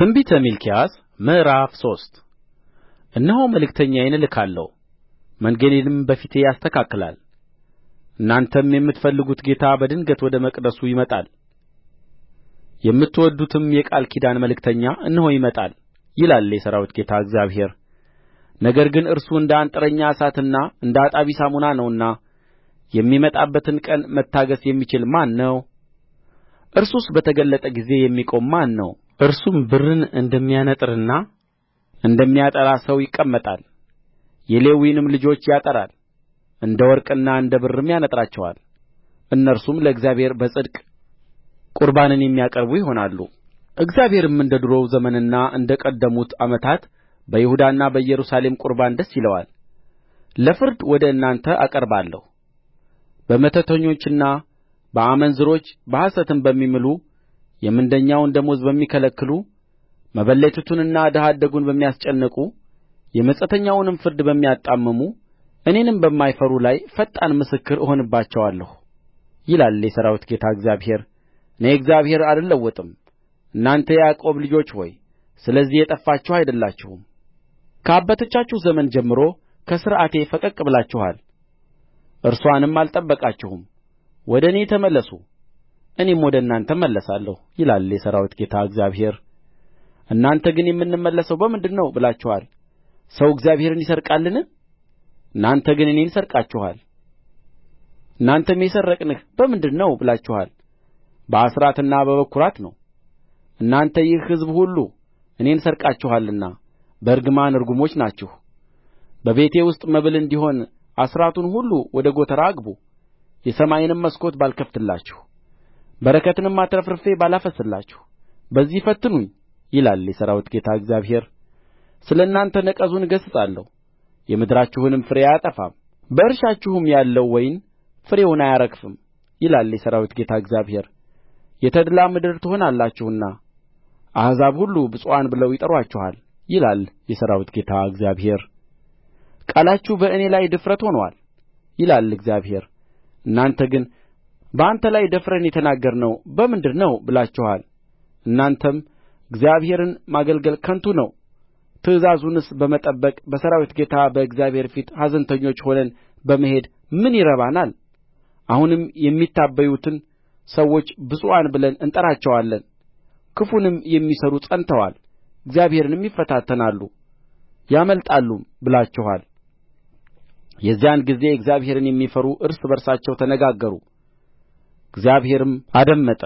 ትንቢተ ሚልክያስ ምዕራፍ ሶስት እነሆ መልእክተኛዬን እልካለሁ መንገድንም በፊቴ ያስተካክላል እናንተም የምትፈልጉት ጌታ በድንገት ወደ መቅደሱ ይመጣል የምትወድዱትም የቃል ኪዳን መልእክተኛ እነሆ ይመጣል ይላል የሠራዊት ጌታ እግዚአብሔር ነገር ግን እርሱ እንደ አንጥረኛ እሳትና እንደ አጣቢ ሳሙና ነውና የሚመጣበትን ቀን መታገሥ የሚችል ማን ነው እርሱስ በተገለጠ ጊዜ የሚቆም ማን ነው እርሱም ብርን እንደሚያነጥርና እንደሚያጠራ ሰው ይቀመጣል የሌዊንም ልጆች ያጠራል እንደ ወርቅና እንደ ብርም ያነጥራቸዋል እነርሱም ለእግዚአብሔር በጽድቅ ቍርባንን የሚያቀርቡ ይሆናሉ እግዚአብሔርም እንደ ዱሮው ዘመንና እንደ ቀደሙት ዓመታት በይሁዳና በኢየሩሳሌም ቍርባን ደስ ይለዋል ለፍርድ ወደ እናንተ አቀርባለሁ በመተተኞችና በአመንዝሮች በሐሰትም በሚምሉ የምንደኛውን ደሞዝ በሚከለክሉ መበለቲቱንና ድሀ አደጉን በሚያስጨንቁ የመጻተኛውንም ፍርድ በሚያጣምሙ እኔንም በማይፈሩ ላይ ፈጣን ምስክር እሆንባቸዋለሁ ይላል የሠራዊት ጌታ እግዚአብሔር እኔ እግዚአብሔር አልለወጥም እናንተ የያዕቆብ ልጆች ሆይ ስለዚህ የጠፋችሁ አይደላችሁም ከአባቶቻችሁ ዘመን ጀምሮ ከሥርዓቴ ፈቀቅ ብላችኋል እርስዋንም አልጠበቃችሁም ወደ እኔ ተመለሱ እኔም ወደ እናንተ እመለሳለሁ ይላል የሠራዊት ጌታ እግዚአብሔር እናንተ ግን የምንመለሰው በምንድር ነው ብላችኋል ሰው እግዚአብሔርን ይሰርቃልን እናንተ ግን እኔን ሰርቃችኋል እናንተም የሰረቅንህ በምንድር ነው ብላችኋል በአሥራትና በበኵራት ነው እናንተ ይህ ሕዝብ ሁሉ እኔን ሰርቃችኋልና በእርግማን ርጉሞች ናችሁ በቤቴ ውስጥ መብል እንዲሆን አሥራቱን ሁሉ ወደ ጐተራ አግቡ የሰማይንም መስኮት ባልከፍትላችሁ በረከትንም አትረፍርፌ ባላፈስስላችሁ በዚህ ፈትኑኝ ይላል የሠራዊት ጌታ እግዚአብሔር ስለ እናንተ ነቀዙን እገሥጻለሁ የምድራችሁንም ፍሬ አያጠፋም በእርሻችሁም ያለው ወይን ፍሬውን አያረግፍም ይላል የሠራዊት ጌታ እግዚአብሔር የተድላ ምድር ትሆናላችሁና አሕዛብ ሁሉ ብፁዓን ብለው ይጠሩአችኋል ይላል የሠራዊት ጌታ እግዚአብሔር ቃላችሁ በእኔ ላይ ድፍረት ሆኖአል ይላል እግዚአብሔር እናንተ ግን በአንተ ላይ ደፍረን የተናገርነው በምንድር ነው ብላችኋል እናንተም እግዚአብሔርን ማገልገል ከንቱ ነው ትእዛዙንስ በመጠበቅ በሠራዊት ጌታ በእግዚአብሔር ፊት ኀዘንተኞች ሆነን በመሄድ ምን ይረባናል አሁንም የሚታበዩትን ሰዎች ብፁዓን ብለን እንጠራቸዋለን ክፉንም የሚሠሩ ጸንተዋል እግዚአብሔርንም ይፈታተናሉ ያመልጣሉም ብላችኋል የዚያን ጊዜ እግዚአብሔርን የሚፈሩ እርስ በርሳቸው ተነጋገሩ እግዚአብሔርም አደመጠ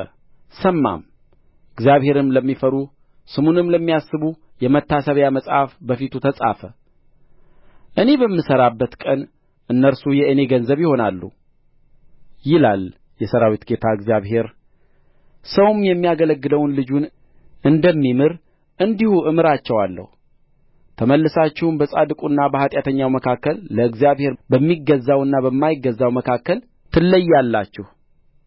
ሰማም እግዚአብሔርም ለሚፈሩ ስሙንም ለሚያስቡ የመታሰቢያ መጽሐፍ በፊቱ ተጻፈ እኔ በምሠራበት ቀን እነርሱ የእኔ ገንዘብ ይሆናሉ ይላል የሠራዊት ጌታ እግዚአብሔር ሰውም የሚያገለግለውን ልጁን እንደሚምር እንዲሁ እምራቸዋለሁ ተመልሳችሁም በጻድቁና በኃጢአተኛው መካከል ለእግዚአብሔር በሚገዛውና በማይገዛው መካከል ትለያላችሁ